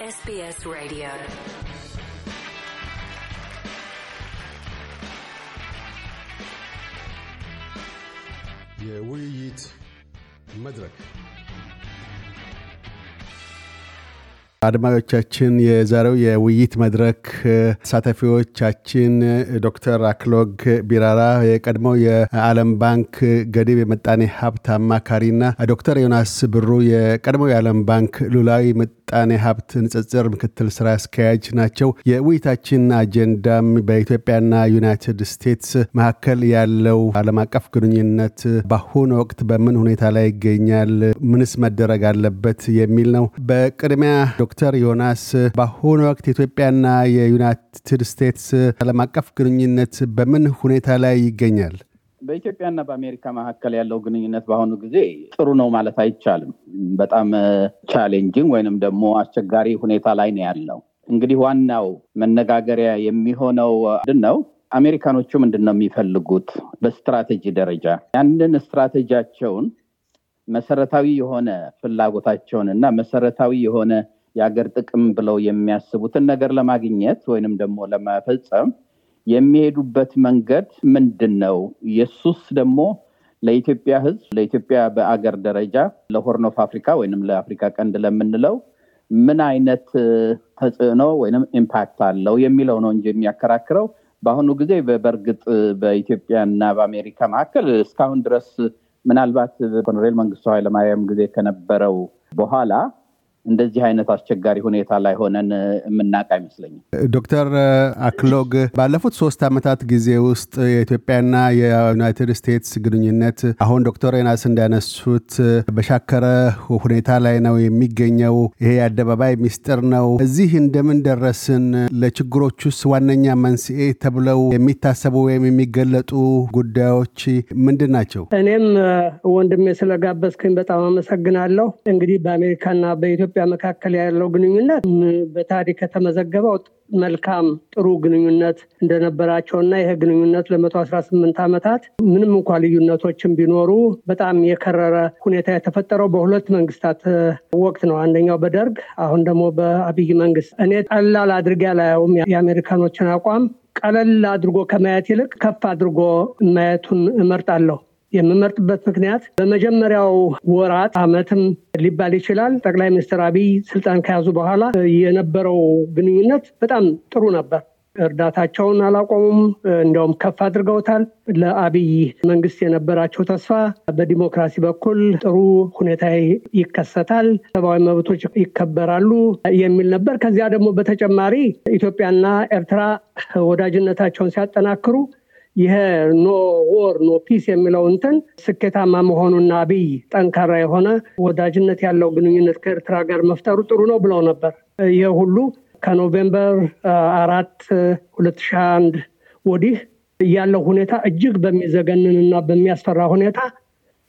SBS Radio. የውይይት መድረክ አድማጮቻችን የዛሬው የውይይት መድረክ ተሳታፊዎቻችን ዶክተር አክሎግ ቢራራ የቀድሞው የዓለም ባንክ ገዲብ የመጣኔ ሀብት አማካሪና ዶክተር ዮናስ ብሩ የቀድሞው የዓለም ባንክ ሉላዊ ምጣኔ ሀብት ንጽጽር ምክትል ስራ አስኪያጅ ናቸው። የውይይታችን አጀንዳም በኢትዮጵያና ዩናይትድ ስቴትስ መካከል ያለው ዓለም አቀፍ ግንኙነት በአሁኑ ወቅት በምን ሁኔታ ላይ ይገኛል? ምንስ መደረግ አለበት የሚል ነው። በቅድሚያ ዶክተር ዮናስ በአሁኑ ወቅት የኢትዮጵያና የዩናይትድ ስቴትስ ዓለም አቀፍ ግንኙነት በምን ሁኔታ ላይ ይገኛል? በኢትዮጵያና በአሜሪካ መካከል ያለው ግንኙነት በአሁኑ ጊዜ ጥሩ ነው ማለት አይቻልም። በጣም ቻሌንጂንግ ወይንም ደግሞ አስቸጋሪ ሁኔታ ላይ ነው ያለው። እንግዲህ ዋናው መነጋገሪያ የሚሆነው ምንድን ነው? አሜሪካኖቹ ምንድን ነው የሚፈልጉት? በስትራቴጂ ደረጃ ያንን ስትራቴጂያቸውን መሰረታዊ የሆነ ፍላጎታቸውን እና መሰረታዊ የሆነ የሀገር ጥቅም ብለው የሚያስቡትን ነገር ለማግኘት ወይንም ደግሞ ለመፈጸም የሚሄዱበት መንገድ ምንድን ነው? የሱስ ደግሞ ለኢትዮጵያ ሕዝብ ለኢትዮጵያ በአገር ደረጃ ለሆርን ኦፍ አፍሪካ ወይም ለአፍሪካ ቀንድ ለምንለው ምን አይነት ተጽዕኖ ወይም ኢምፓክት አለው የሚለው ነው እንጂ የሚያከራክረው በአሁኑ ጊዜ በእርግጥ በኢትዮጵያ እና በአሜሪካ መካከል እስካሁን ድረስ ምናልባት ኮሎኔል መንግስቱ ኃይለማርያም ጊዜ ከነበረው በኋላ እንደዚህ አይነት አስቸጋሪ ሁኔታ ላይ ሆነን የምናውቅ አይመስለኝም። ዶክተር አክሎግ ባለፉት ሶስት ዓመታት ጊዜ ውስጥ የኢትዮጵያና የዩናይትድ ስቴትስ ግንኙነት አሁን ዶክተር ኤናስ እንዳነሱት በሻከረ ሁኔታ ላይ ነው የሚገኘው። ይሄ የአደባባይ ሚስጥር ነው። እዚህ እንደምን ደረስን? ለችግሮቹስ ዋነኛ መንስኤ ተብለው የሚታሰቡ ወይም የሚገለጡ ጉዳዮች ምንድን ናቸው? እኔም ወንድሜ ስለጋበዝክኝ በጣም አመሰግናለሁ። እንግዲህ በአሜሪካና በኢትዮ በኢትዮጵያ መካከል ያለው ግንኙነት በታሪክ ከተመዘገበው መልካም ጥሩ ግንኙነት እንደነበራቸው እና ይህ ግንኙነት ለመቶ አስራ ስምንት ዓመታት ምንም እንኳ ልዩነቶችን ቢኖሩ በጣም የከረረ ሁኔታ የተፈጠረው በሁለት መንግስታት ወቅት ነው። አንደኛው በደርግ አሁን ደግሞ በአብይ መንግስት። እኔ ቀላል አድርጌ አላየውም የአሜሪካኖችን አቋም ቀለል አድርጎ ከማየት ይልቅ ከፍ አድርጎ ማየቱን እመርጣለሁ። የምመርጥበት ምክንያት በመጀመሪያው ወራት አመትም ሊባል ይችላል ጠቅላይ ሚኒስትር አብይ ስልጣን ከያዙ በኋላ የነበረው ግንኙነት በጣም ጥሩ ነበር። እርዳታቸውን አላቆሙም፣ እንዲያውም ከፍ አድርገውታል። ለአብይ መንግስት የነበራቸው ተስፋ በዲሞክራሲ በኩል ጥሩ ሁኔታ ይከሰታል፣ ሰብአዊ መብቶች ይከበራሉ የሚል ነበር። ከዚያ ደግሞ በተጨማሪ ኢትዮጵያና ኤርትራ ወዳጅነታቸውን ሲያጠናክሩ ይሄ ኖ ወር ኖ ፒስ የሚለው እንትን ስኬታማ መሆኑና አብይ ጠንካራ የሆነ ወዳጅነት ያለው ግንኙነት ከኤርትራ ጋር መፍጠሩ ጥሩ ነው ብለው ነበር። ይህ ሁሉ ከኖቬምበር አራት ሁለት ሺ አንድ ወዲህ ያለው ሁኔታ እጅግ በሚዘገንንና በሚያስፈራ ሁኔታ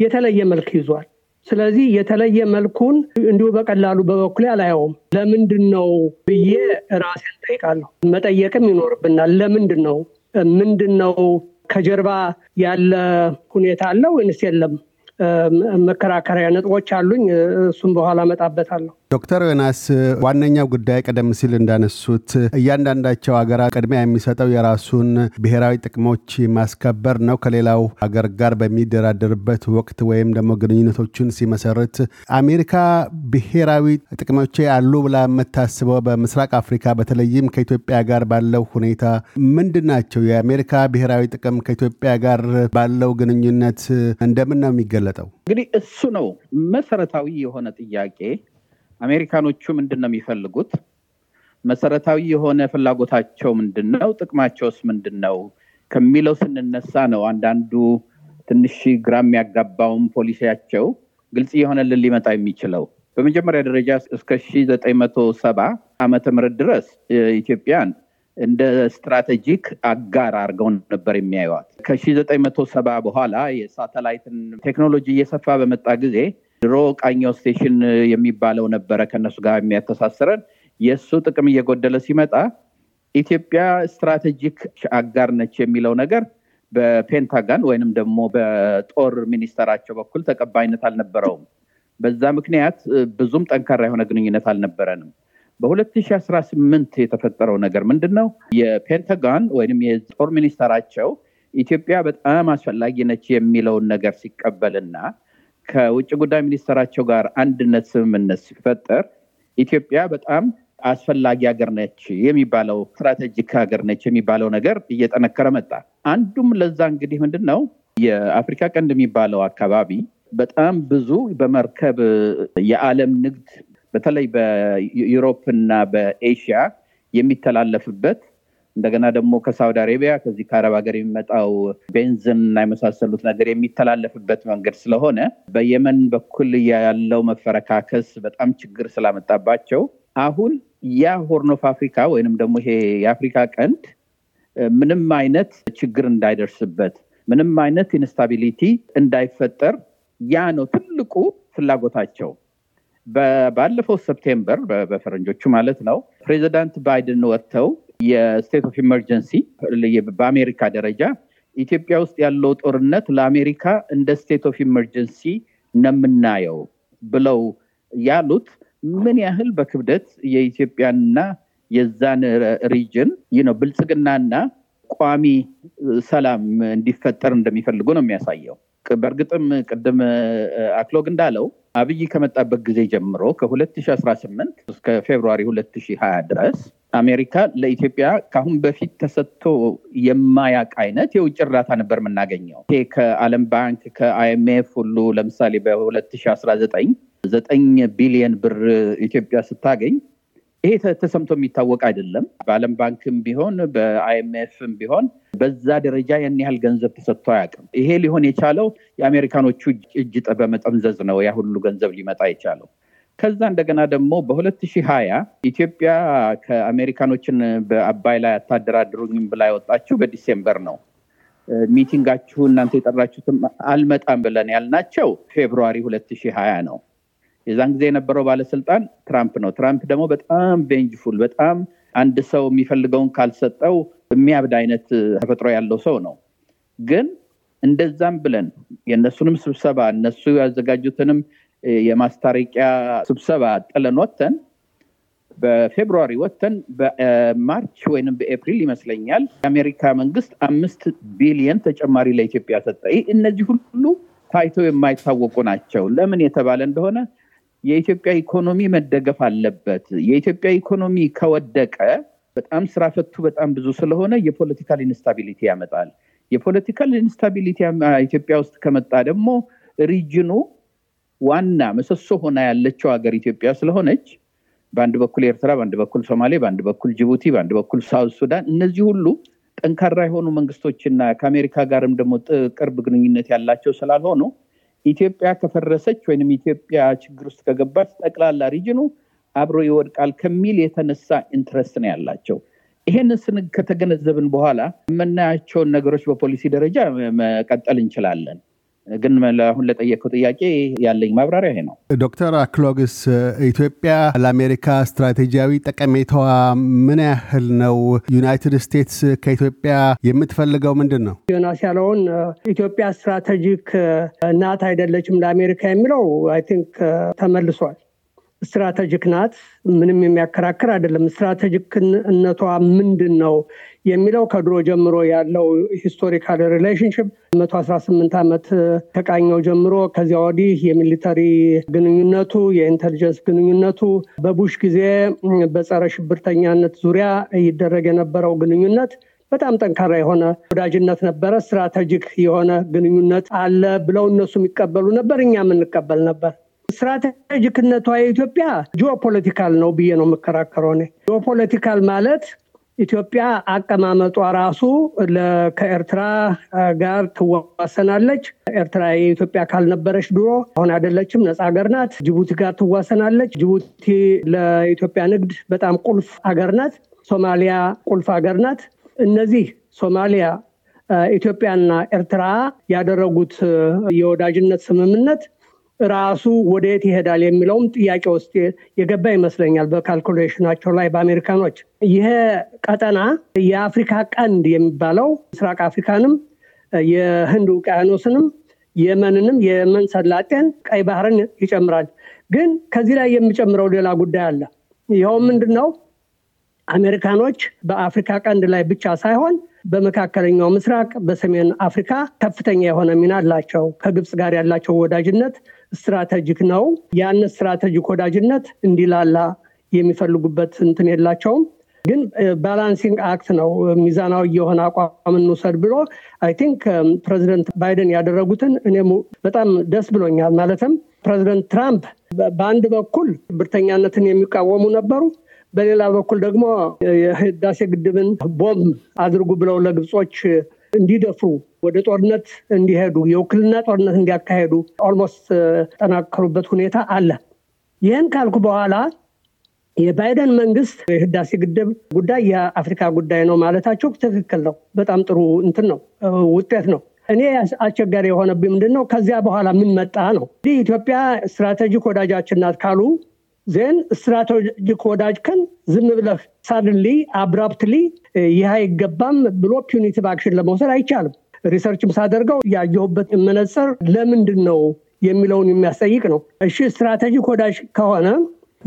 የተለየ መልክ ይዟል። ስለዚህ የተለየ መልኩን እንዲሁ በቀላሉ በበኩል አላየውም። ለምንድን ነው ብዬ ራሴን ጠይቃለሁ። መጠየቅም ይኖርብናል። ለምንድን ነው ምንድን ነው ከጀርባ ያለ ሁኔታ አለ ወይንስ የለም? መከራከሪያ ነጥቦች አሉኝ። እሱም በኋላ መጣበታለሁ ዶክተር ዮናስ ዋነኛው ጉዳይ ቀደም ሲል እንዳነሱት እያንዳንዳቸው ሀገራት ቅድሚያ የሚሰጠው የራሱን ብሔራዊ ጥቅሞች ማስከበር ነው። ከሌላው ሀገር ጋር በሚደራደርበት ወቅት ወይም ደግሞ ግንኙነቶችን ሲመሰርት አሜሪካ ብሔራዊ ጥቅሞች አሉ ብላ የምታስበው በምስራቅ አፍሪካ በተለይም ከኢትዮጵያ ጋር ባለው ሁኔታ ምንድን ናቸው? የአሜሪካ ብሔራዊ ጥቅም ከኢትዮጵያ ጋር ባለው ግንኙነት እንደምን ነው የሚገለጠው? እንግዲህ እሱ ነው መሰረታዊ የሆነ ጥያቄ አሜሪካኖቹ ምንድን ነው የሚፈልጉት? መሰረታዊ የሆነ ፍላጎታቸው ምንድን ነው? ጥቅማቸውስ ምንድን ነው ከሚለው ስንነሳ ነው አንዳንዱ ትንሽ ግራ የሚያጋባውን ፖሊሲያቸው ግልጽ የሆነልን ሊመጣ የሚችለው። በመጀመሪያ ደረጃ እስከ ሺ ዘጠኝ መቶ ሰባ ዓመተ ምህረት ድረስ ኢትዮጵያን እንደ ስትራቴጂክ አጋር አድርገው ነበር የሚያዩዋት። ከሺ ዘጠኝ መቶ ሰባ በኋላ የሳተላይትን ቴክኖሎጂ እየሰፋ በመጣ ጊዜ ድሮ ቃኘ ስቴሽን የሚባለው ነበረ ከነሱ ጋር የሚያተሳስረን። የእሱ ጥቅም እየጎደለ ሲመጣ ኢትዮጵያ ስትራቴጂክ አጋር ነች የሚለው ነገር በፔንታጋን ወይንም ደግሞ በጦር ሚኒስተራቸው በኩል ተቀባይነት አልነበረውም። በዛ ምክንያት ብዙም ጠንካራ የሆነ ግንኙነት አልነበረንም። በ2018 የተፈጠረው ነገር ምንድን ነው? የፔንታጋን ወይም የጦር ሚኒስተራቸው ኢትዮጵያ በጣም አስፈላጊ ነች የሚለውን ነገር ሲቀበልና ከውጭ ጉዳይ ሚኒስትራቸው ጋር አንድነት ስምምነት ሲፈጠር ኢትዮጵያ በጣም አስፈላጊ ሀገር ነች የሚባለው ስትራቴጂክ ሀገር ነች የሚባለው ነገር እየጠነከረ መጣ። አንዱም ለዛ እንግዲህ ምንድን ነው የአፍሪካ ቀንድ የሚባለው አካባቢ በጣም ብዙ በመርከብ የዓለም ንግድ በተለይ በዩሮፕ እና በኤሽያ የሚተላለፍበት እንደገና ደግሞ ከሳውዲ አሬቢያ ከዚህ ከአረብ ሀገር የሚመጣው ቤንዝን እና የመሳሰሉት ነገር የሚተላለፍበት መንገድ ስለሆነ በየመን በኩል ያለው መፈረካከስ በጣም ችግር ስላመጣባቸው አሁን ያ ሆርን ኦፍ አፍሪካ ወይንም ደግሞ ይሄ የአፍሪካ ቀንድ ምንም አይነት ችግር እንዳይደርስበት ምንም አይነት ኢንስታቢሊቲ እንዳይፈጠር ያ ነው ትልቁ ፍላጎታቸው። ባለፈው ሰፕቴምበር በፈረንጆቹ ማለት ነው ፕሬዚዳንት ባይደን ወጥተው የስቴት ኦፍ ኢመርጀንሲ በአሜሪካ ደረጃ ኢትዮጵያ ውስጥ ያለው ጦርነት ለአሜሪካ እንደ ስቴት ኦፍ ኢመርጀንሲ ነው የምናየው ብለው ያሉት ምን ያህል በክብደት የኢትዮጵያንና የዛን ሪጅን ይነው ብልጽግናና ቋሚ ሰላም እንዲፈጠር እንደሚፈልጉ ነው የሚያሳየው። በእርግጥም ቅድም አክሎግ እንዳለው አብይ ከመጣበት ጊዜ ጀምሮ ከ2018 እስከ ፌብሩዋሪ 2020 ድረስ አሜሪካ ለኢትዮጵያ ከአሁን በፊት ተሰጥቶ የማያውቅ አይነት የውጭ እርዳታ ነበር የምናገኘው። ይሄ ከአለም ባንክ ከአይኤምኤፍ ሁሉ ለምሳሌ በ2019 ዘጠኝ ቢሊየን ብር ኢትዮጵያ ስታገኝ ይሄ ተሰምቶ የሚታወቅ አይደለም። በአለም ባንክም ቢሆን በአይኤምኤፍም ቢሆን በዛ ደረጃ ያን ያህል ገንዘብ ተሰጥቶ አያውቅም። ይሄ ሊሆን የቻለው የአሜሪካኖቹ እጅ በመጠምዘዝ ነው ያ ሁሉ ገንዘብ ሊመጣ የቻለው። ከዛ እንደገና ደግሞ በ2020 ኢትዮጵያ ከአሜሪካኖችን በአባይ ላይ አታደራድሩኝም ብላ ያወጣችው በዲሴምበር ነው። ሚቲንጋችሁ እናንተ የጠራችሁትም አልመጣም ብለን ያልናቸው ፌብሩዋሪ 2020 ነው። የዛን ጊዜ የነበረው ባለስልጣን ትራምፕ ነው። ትራምፕ ደግሞ በጣም ቬንጅፉል፣ በጣም አንድ ሰው የሚፈልገውን ካልሰጠው የሚያብድ አይነት ተፈጥሮ ያለው ሰው ነው። ግን እንደዛም ብለን የእነሱንም ስብሰባ እነሱ ያዘጋጁትንም የማስታረቂያ ስብሰባ ጥለን ወተን በፌብሩዋሪ ወተን በማርች ወይም በኤፕሪል ይመስለኛል የአሜሪካ መንግስት አምስት ቢሊየን ተጨማሪ ለኢትዮጵያ ሰጠ። እነዚህ ሁሉ ታይተው የማይታወቁ ናቸው። ለምን የተባለ እንደሆነ የኢትዮጵያ ኢኮኖሚ መደገፍ አለበት። የኢትዮጵያ ኢኮኖሚ ከወደቀ በጣም ስራ ፈቱ በጣም ብዙ ስለሆነ የፖለቲካል ኢንስታቢሊቲ ያመጣል። የፖለቲካል ኢንስታቢሊቲ ኢትዮጵያ ውስጥ ከመጣ ደግሞ ሪጅኑ ዋና ምሰሶ ሆና ያለችው ሀገር ኢትዮጵያ ስለሆነች በአንድ በኩል ኤርትራ፣ በአንድ በኩል ሶማሌ፣ በአንድ በኩል ጅቡቲ፣ በአንድ በኩል ሳውዝ ሱዳን፣ እነዚህ ሁሉ ጠንካራ የሆኑ መንግስቶችና ከአሜሪካ ጋርም ደግሞ ቅርብ ግንኙነት ያላቸው ስላልሆኑ ኢትዮጵያ ከፈረሰች ወይም ኢትዮጵያ ችግር ውስጥ ከገባች ጠቅላላ ሪጅኑ አብሮ ይወድቃል ከሚል የተነሳ ኢንትረስት ነው ያላቸው። ይሄን ስን ከተገነዘብን በኋላ የምናያቸውን ነገሮች በፖሊሲ ደረጃ መቀጠል እንችላለን። ግን አሁን ለጠየቀው ጥያቄ ያለኝ ማብራሪያ ይሄ ነው። ዶክተር አክሎግስ ኢትዮጵያ ለአሜሪካ ስትራቴጂያዊ ጠቀሜታዋ ምን ያህል ነው? ዩናይትድ ስቴትስ ከኢትዮጵያ የምትፈልገው ምንድን ነው? ዮናስ ያለውን ኢትዮጵያ ስትራቴጂክ ናት አይደለችም ለአሜሪካ የሚለው አይ ቲንክ ተመልሷል። ስትራቴጂክ ናት። ምንም የሚያከራክር አይደለም። ስትራቴጂክነቷ ምንድን ነው የሚለው ከድሮ ጀምሮ ያለው ሂስቶሪካል ሪሌሽንሽፕ መቶ አስራ ስምንት ዓመት ተቃኘው ጀምሮ ከዚያ ወዲህ የሚሊተሪ ግንኙነቱ የኢንቴሊጀንስ ግንኙነቱ በቡሽ ጊዜ በጸረ ሽብርተኛነት ዙሪያ ይደረግ የነበረው ግንኙነት በጣም ጠንካራ የሆነ ወዳጅነት ነበረ። ስትራቴጂክ የሆነ ግንኙነት አለ ብለው እነሱ የሚቀበሉ ነበር፣ እኛም እንቀበል ነበር። ስትራቴጂክነቷ የኢትዮጵያ ጂኦፖለቲካል ነው ብዬ ነው የምከራከረው። እኔ ጂኦፖለቲካል ማለት ኢትዮጵያ አቀማመጧ ራሱ ከኤርትራ ጋር ትዋሰናለች። ኤርትራ የኢትዮጵያ ካልነበረች ድሮ አሁን አይደለችም፣ ነፃ ሀገር ናት። ጅቡቲ ጋር ትዋሰናለች። ጅቡቲ ለኢትዮጵያ ንግድ በጣም ቁልፍ ሀገር ናት። ሶማሊያ ቁልፍ ሀገር ናት። እነዚህ ሶማሊያ፣ ኢትዮጵያና ኤርትራ ያደረጉት የወዳጅነት ስምምነት ራሱ ወደየት ይሄዳል የሚለውም ጥያቄ ውስጥ የገባ ይመስለኛል በካልኩሌሽናቸው ላይ በአሜሪካኖች። ይሄ ቀጠና የአፍሪካ ቀንድ የሚባለው ምስራቅ አፍሪካንም የህንድ ውቅያኖስንም የመንንም የመን ሰላጤን ቀይ ባህርን ይጨምራል። ግን ከዚህ ላይ የሚጨምረው ሌላ ጉዳይ አለ። ይኸው ምንድን ነው? አሜሪካኖች በአፍሪካ ቀንድ ላይ ብቻ ሳይሆን በመካከለኛው ምስራቅ፣ በሰሜን አፍሪካ ከፍተኛ የሆነ ሚና አላቸው። ከግብፅ ጋር ያላቸው ወዳጅነት ስትራቴጂክ ነው። ያን ስትራቴጂክ ወዳጅነት እንዲላላ የሚፈልጉበት እንትን የላቸውም። ግን ባላንሲንግ አክት ነው። ሚዛናዊ የሆነ አቋም እንውሰድ ብሎ አይ ቲንክ ፕሬዚደንት ባይደን ያደረጉትን እኔ በጣም ደስ ብሎኛል። ማለትም ፕሬዚደንት ትራምፕ በአንድ በኩል ብርተኛነትን የሚቃወሙ ነበሩ። በሌላ በኩል ደግሞ የህዳሴ ግድብን ቦምብ አድርጉ ብለው ለግብጾች እንዲደፍሩ ወደ ጦርነት እንዲሄዱ የውክልና ጦርነት እንዲያካሄዱ ኦልሞስት ጠናከሩበት ሁኔታ አለ። ይህን ካልኩ በኋላ የባይደን መንግስት የህዳሴ ግድብ ጉዳይ የአፍሪካ ጉዳይ ነው ማለታቸው ትክክል ነው። በጣም ጥሩ እንትን ነው፣ ውጤት ነው። እኔ አስቸጋሪ የሆነብኝ ምንድን ነው ከዚያ በኋላ ምን መጣ ነው። እንዲህ ኢትዮጵያ ስትራቴጂክ ወዳጃችን ናት ካሉ ዜን ስትራቴጂክ ወዳጅክን ዝም ብለህ ሳድንሊ አብራፕትሊ ይህ አይገባም ብሎ ፒዩኒቲቭ አክሽን ለመውሰድ አይቻልም ሪሰርችም ሳደርገው ያየሁበት መነጽር ለምንድን ነው የሚለውን የሚያስጠይቅ ነው እሺ ስትራቴጂክ ወዳጅ ከሆነ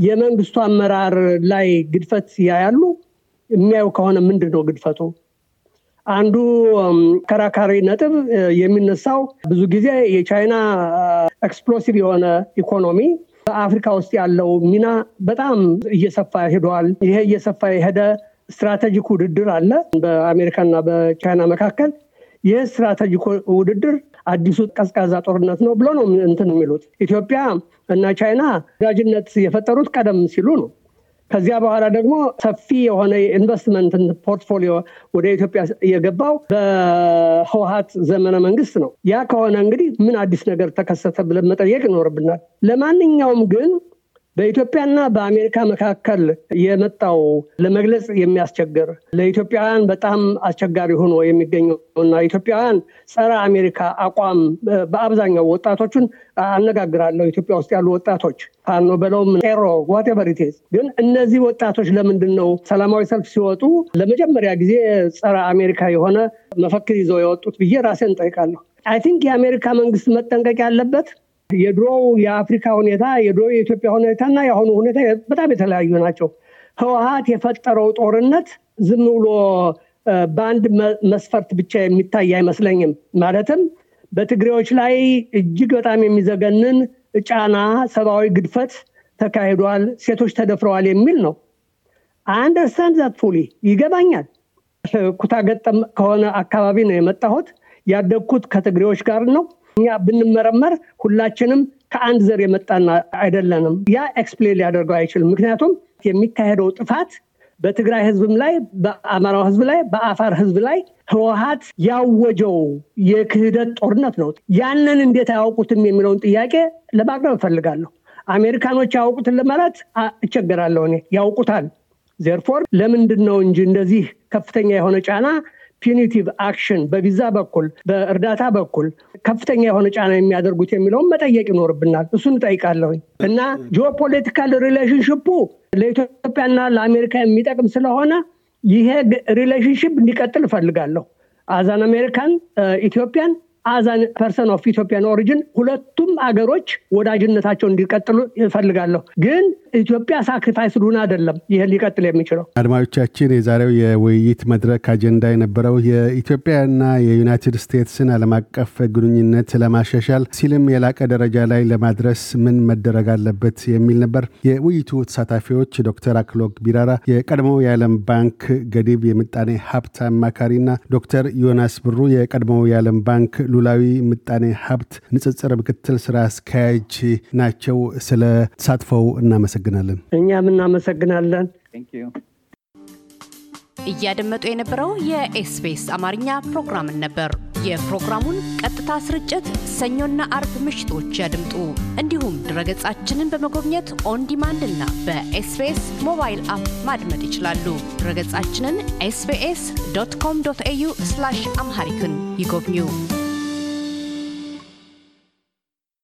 የመንግስቱ አመራር ላይ ግድፈት ያያሉ የሚያዩ ከሆነ ምንድን ነው ግድፈቱ አንዱ ከራካሪ ነጥብ የሚነሳው ብዙ ጊዜ የቻይና ኤክስፕሎሲቭ የሆነ ኢኮኖሚ በአፍሪካ ውስጥ ያለው ሚና በጣም እየሰፋ ሄደዋል። ይሄ እየሰፋ የሄደ ስትራቴጂክ ውድድር አለ በአሜሪካና በቻይና መካከል። ይህ ስትራቴጂክ ውድድር አዲሱ ቀዝቃዛ ጦርነት ነው ብሎ ነው እንትን የሚሉት። ኢትዮጵያ እና ቻይና ወዳጅነት የፈጠሩት ቀደም ሲሉ ነው። ከዚያ በኋላ ደግሞ ሰፊ የሆነ የኢንቨስትመንት ፖርትፎሊዮ ወደ ኢትዮጵያ የገባው በህወሀት ዘመነ መንግስት ነው። ያ ከሆነ እንግዲህ ምን አዲስ ነገር ተከሰተ ብለን መጠየቅ ይኖርብናል። ለማንኛውም ግን በኢትዮጵያና በአሜሪካ መካከል የመጣው ለመግለጽ የሚያስቸግር ለኢትዮጵያውያን በጣም አስቸጋሪ ሆኖ የሚገኘውና ኢትዮጵያውያን ጸረ አሜሪካ አቋም በአብዛኛው ወጣቶቹን አነጋግራለሁ። ኢትዮጵያ ውስጥ ያሉ ወጣቶች ፋኖ በለውም ሮ ዋቴቨሪቴዝ ግን እነዚህ ወጣቶች ለምንድን ነው ሰላማዊ ሰልፍ ሲወጡ ለመጀመሪያ ጊዜ ጸረ አሜሪካ የሆነ መፈክር ይዘው የወጡት ብዬ ራሴን ጠይቃለሁ። አይ ቲንክ የአሜሪካ መንግስት መጠንቀቅ ያለበት የድሮው የአፍሪካ ሁኔታ የድሮ የኢትዮጵያ ሁኔታና የአሁኑ ሁኔታ በጣም የተለያዩ ናቸው። ህወሀት የፈጠረው ጦርነት ዝም ብሎ በአንድ መስፈርት ብቻ የሚታይ አይመስለኝም። ማለትም በትግሬዎች ላይ እጅግ በጣም የሚዘገንን ጫና፣ ሰብአዊ ግድፈት ተካሂዷል፣ ሴቶች ተደፍረዋል የሚል ነው። አንደርስታንድ ዛት ፉሊ ይገባኛል። ኩታገጠም ከሆነ አካባቢ ነው የመጣሁት። ያደግኩት ከትግሬዎች ጋር ነው። እኛ ብንመረመር ሁላችንም ከአንድ ዘር የመጣና አይደለንም። ያ ኤክስፕሌን ሊያደርገው አይችልም። ምክንያቱም የሚካሄደው ጥፋት በትግራይ ህዝብም ላይ በአማራው ህዝብ ላይ በአፋር ህዝብ ላይ ህወሀት ያወጀው የክህደት ጦርነት ነው። ያንን እንዴት አያውቁትም የሚለውን ጥያቄ ለማቅረብ እፈልጋለሁ። አሜሪካኖች ያውቁትን ለማለት እቸገራለሁ እኔ። ያውቁታል። ዘርፎር ለምንድን ነው እንጂ እንደዚህ ከፍተኛ የሆነ ጫና ፒኒቲቭ አክሽን በቪዛ በኩል በእርዳታ በኩል ከፍተኛ የሆነ ጫና የሚያደርጉት የሚለውን መጠየቅ ይኖርብናል። እሱን እጠይቃለሁኝ እና ጂኦፖለቲካል ሪሌሽንሽፑ ለኢትዮጵያና ለአሜሪካ የሚጠቅም ስለሆነ ይሄ ሪሌሽንሽፕ እንዲቀጥል እፈልጋለሁ። አዛን አሜሪካን ኢትዮጵያን አዛን ፐርሰን ኦፍ ኢትዮጵያን ኦሪጅን ሁለቱም አገሮች ወዳጅነታቸው እንዲቀጥሉ ይፈልጋለሁ። ግን ኢትዮጵያ ሳክሪፋይስ ሉን አይደለም ይህ ሊቀጥል የሚችለው። አድማጮቻችን፣ የዛሬው የውይይት መድረክ አጀንዳ የነበረው የኢትዮጵያና የዩናይትድ ስቴትስን ዓለም አቀፍ ግንኙነት ለማሻሻል ሲልም የላቀ ደረጃ ላይ ለማድረስ ምን መደረግ አለበት የሚል ነበር። የውይይቱ ተሳታፊዎች ዶክተር አክሎግ ቢራራ የቀድሞው የዓለም ባንክ ገዲብ የምጣኔ ሀብት አማካሪና ዶክተር ዮናስ ብሩ የቀድሞው የዓለም ባንክ ሉላዊ ምጣኔ ሀብት ንጽጽር ምክትል ስራ አስኪያጅ ናቸው። ስለ ተሳትፈው እናመሰግናለን። እኛም እናመሰግናለን። እያደመጡ የነበረው የኤስቢኤስ አማርኛ ፕሮግራምን ነበር። የፕሮግራሙን ቀጥታ ስርጭት ሰኞና አርብ ምሽቶች ያድምጡ። እንዲሁም ድረገጻችንን በመጎብኘት ኦን ዲማንድ እና በኤስቢኤስ ሞባይል አፕ ማድመጥ ይችላሉ። ድረገጻችንን ኤስቢኤስ ዶት ኮም ዶት ኤዩ አምሃሪክን ይጎብኙ።